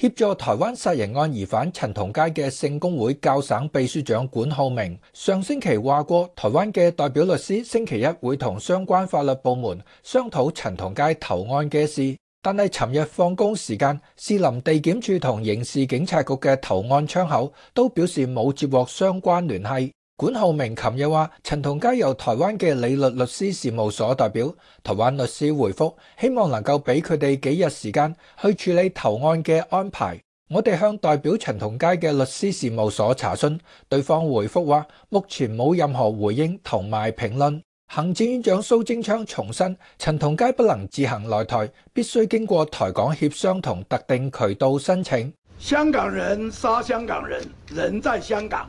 協助台灣殺人案疑犯陳同佳嘅聖公會教省秘書長管浩明上星期話過，台灣嘅代表律師星期一會同相關法律部門商討陳同佳投案嘅事，但係尋日放工時間，士林地檢署同刑事警察局嘅投案窗口都表示冇接獲相關聯繫。管浩明琴日話：陳同佳由台灣嘅理律律師事務所代表台灣律師回復，希望能夠俾佢哋幾日時間去處理投案嘅安排。我哋向代表陳同佳嘅律師事務所查詢，對方回復話目前冇任何回應同埋評論。行政院長蘇貞昌重申，陳同佳不能自行來台，必須經過台港協商同特定渠道申請。香港人殺香港人，人在香港。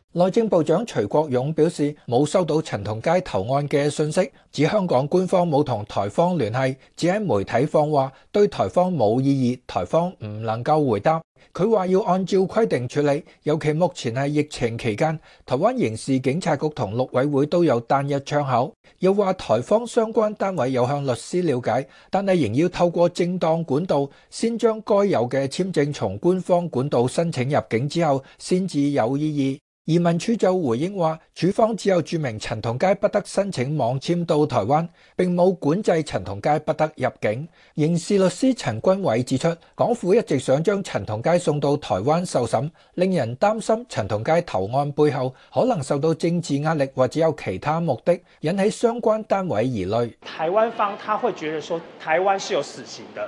內政部長徐國勇表示，冇收到陳同佳投案嘅信息，指香港官方冇同台方聯繫，只喺媒體放話，對台方冇意義，台方唔能夠回答。佢話要按照規定處理，尤其目前係疫情期間，台灣刑事警察局同陸委會都有單一窗口。又話台方相關單位有向律師了解，但係仍要透過正當管道，先將該有嘅簽證從官方管道申請入境之後，先至有意義。移民署就回應話，署方只有注明陳同佳不得申請網簽到台灣，並冇管制陳同佳不得入境。刑事律師陳君偉指出，港府一直想將陳同佳送到台灣受審，令人擔心陳同佳投案背後可能受到政治壓力或者有其他目的，引起相關單位疑慮。台灣方他會覺得說，台灣是有死刑的。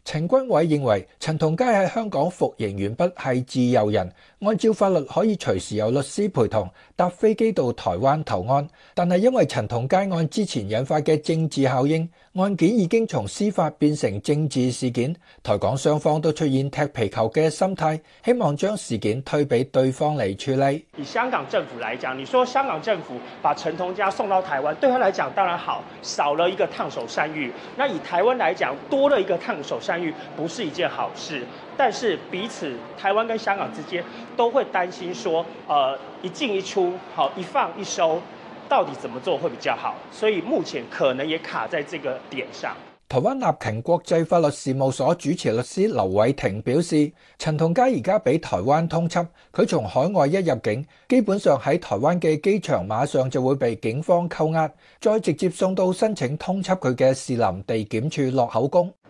陳君偉認為陳同佳喺香港服刑完畢係自由人，按照法律可以隨時由律師陪同搭飛機到台灣投案，但係因為陳同佳案之前引發嘅政治效應，案件已經從司法變成政治事件，台港雙方都出現踢皮球嘅心態，希望將事件推俾對方嚟處理。以香港政府嚟講，你說香港政府把陳同佳送到台灣，對他來講當然好，少了一個燙手山芋。那以台灣來講，多了一個燙手山，參與不是一件好事，但是彼此台灣跟香港之間都會擔心，說，呃，一進一出，好一放一收，到底怎麼做會比較好？所以目前可能也卡在這個點上。台灣立勤國際法律事務所主持律師劉偉庭表示，陳同佳而家俾台灣通緝，佢從海外一入境，基本上喺台灣嘅機場馬上就會被警方扣押，再直接送到申請通緝佢嘅士林地檢處落口供。